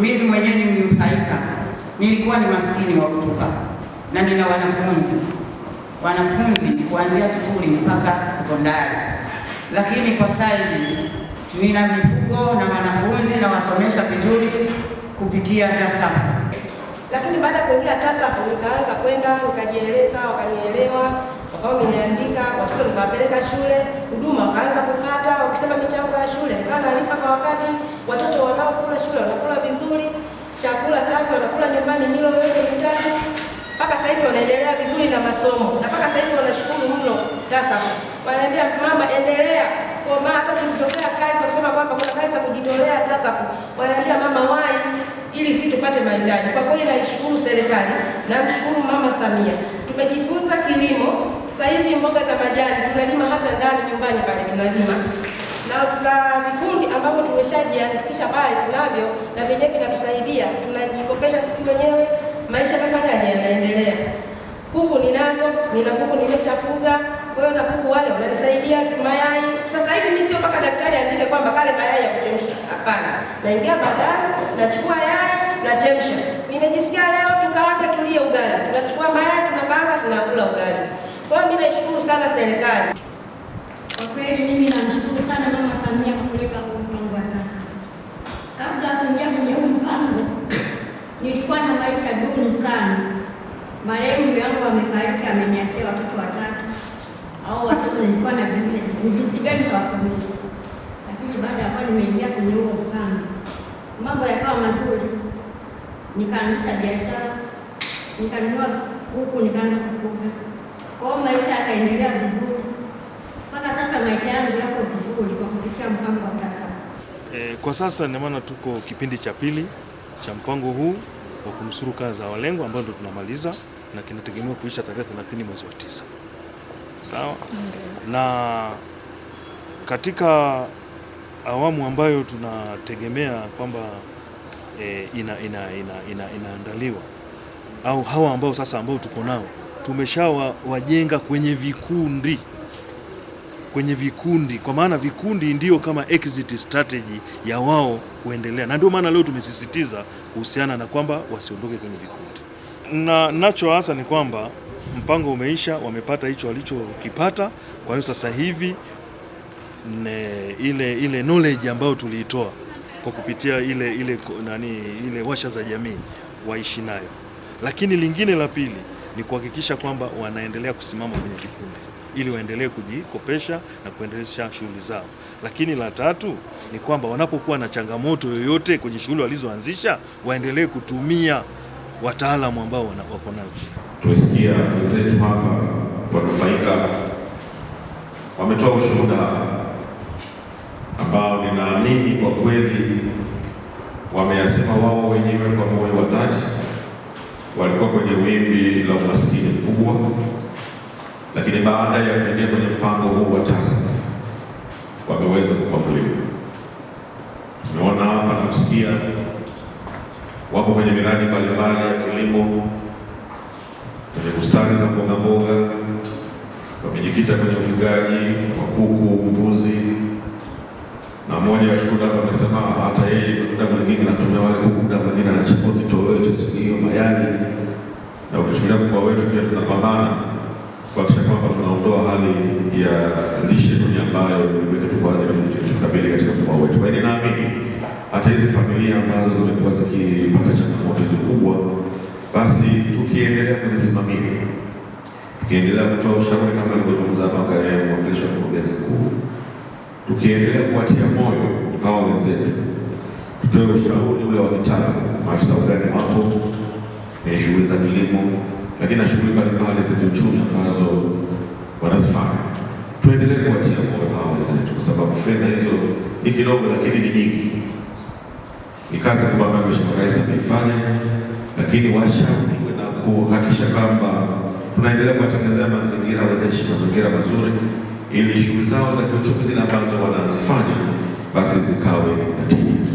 Mimi mwenyewe nilinufaika, nilikuwa ni maskini wa kutupa, na nina wanafunzi wanafunzi kuanzia sifuri mpaka sekondari, lakini kwa saizi nina mifugo na wanafunzi na wasomesha vizuri kupitia TASAFU. Lakini baada ya kuingia TASAFU nikaanza kwenda nikajieleza, wakanielewa wakawa nimeandika watoto nikawapeleka shule, huduma wakaanza kupata, wakisema michango ya shule nikawa nalipa kwa wakati watoto chakula safi, wanakula nyumbani milo yote mitatu, mpaka saizi wanaendelea vizuri na masomo, na mpaka saizi wanashukuru mno DASA. Wanaambia mama, endelea komaa, hata kutokea kazi za kwamba kuna kazi za kujitolea DASA, wanaambia mama wai, ili sisi tupate mahitaji. Kwa kweli naishukuru serikali, namshukuru mama Samia. Tumejifunza kilimo, sasa hivi mboga za majani tunalima hata ndani nyumbani pale tunalima na kuna vikundi ambavyo tumeshajiandikisha pale tunavyo, na vyenyewe vinatusaidia, tunajikopesha sisi wenyewe, maisha yanafanyaje, yanaendelea. Kuku ninazo, nina kuku nimeshafuga, kwa hiyo na kuku wale wananisaidia mayai. Sasa hivi mimi sio mpaka daktari aandike kwamba kale mayai ya kuchemsha, hapana. Naingia badala, nachukua yai, na chemsha. Nimejisikia leo tukaanga, tulie ugali, tunachukua mayai, tunakaanga, tunakula ugali. Kwa hiyo mimi naishukuru sana serikali kwa kweli, mimi namshukuru Kabla ya kuingia mpango, nilikuwa na maisha duni sana. Marehemu mume wangu watoto watatu au watoto, nilikuwa na jinsi gani tawasomesha. yakawa mazuri, nikaanzisha biashara, nikanunua huku, nikaanza kukuka kwao, maisha yakaendelea vizuri mpaka sasa maisha yangu E, kwa sasa ni maana tuko kipindi cha pili cha mpango huu wa kunusuru kaya za walengwa ambao ndo tunamaliza na kinategemewa kuisha tarehe 30 mwezi wa tisa. Sawa? Okay. Na katika awamu ambayo tunategemea kwamba e, ina, ina, ina, ina, inaandaliwa au hawa ambao sasa ambao tuko nao tumeshawajenga kwenye vikundi kwenye vikundi, kwa maana vikundi ndiyo kama exit strategy ya wao kuendelea, na ndio maana leo tumesisitiza kuhusiana na kwamba wasiondoke kwenye vikundi, na nacho hasa ni kwamba mpango umeisha, wamepata hicho walichokipata. Kwa hiyo sasa hivi ne, ile, ile knowledge ambayo tuliitoa kwa kupitia ile, ile, nani, ile washa za jamii waishi nayo, lakini lingine la pili ni kuhakikisha kwamba wanaendelea kusimama kwenye kikundi ili waendelee kujikopesha na kuendelesha shughuli zao. Lakini la tatu ni kwamba wanapokuwa na changamoto yoyote kwenye shughuli walizoanzisha, waendelee kutumia wataalamu ambao wako nao. Tumesikia wenzetu hapa wanufaika wametoa ushuhuda ambao ninaamini kwa kweli wameyasema wao wenyewe kwa moyo wa dhati walikuwa kwenye wimbi la umaskini mkubwa, lakini baada ya kuingia kwenye mpango huu wa TASAF wameweza kukwamuliwa Tumeona hapa na kusikia wapo kwenye miradi mbalimbali ya kilimo, kwenye bustani za mbogamboga, wamejikita kwenye ufugaji wa kuku, mbuzi na mmoja wa shuhuda amesema hata yeye muda mwingine anatumia wale kuku, muda mwingine anachukua kitoweo cha siku hiyo, mayai. Na ukichukulia mkoa wetu pia tunapambana kuhakikisha kwamba tunaondoa hali ya lishe duni ambayo imetu kwa ajili ya kutukabili katika mkoa wetu. Kwa hiyo naamini hata hizi familia ambazo zimekuwa zikipata changamoto hizo kubwa, basi tukiendelea kuzisimamia, tukiendelea kutoa ushauri kama alivyozungumza hapa ukiendelea kuwatia moyo hawa wenzetu, tutoe ushauri ule wa kitaalam, Maafisa ugani wapo kwenye shughuli za kilimo, lakini na shughuli mbalimbali za kiuchumi ambazo wanazifanya, tuendelee kuwatia moyo hawa wenzetu, kwa sababu fedha hizo ni kidogo, lakini ni nyingi. Ni kazi kubwa ambayo Mheshimiwa Rais ameifanya, lakini washauriwe na kuhakikisha kwamba tunaendelea kuwatengenezea mazingira wezeshi, mazingira mazuri ili shughuli zao za kiuchumi zile ambazo wanazifanya basi zikawe na tija.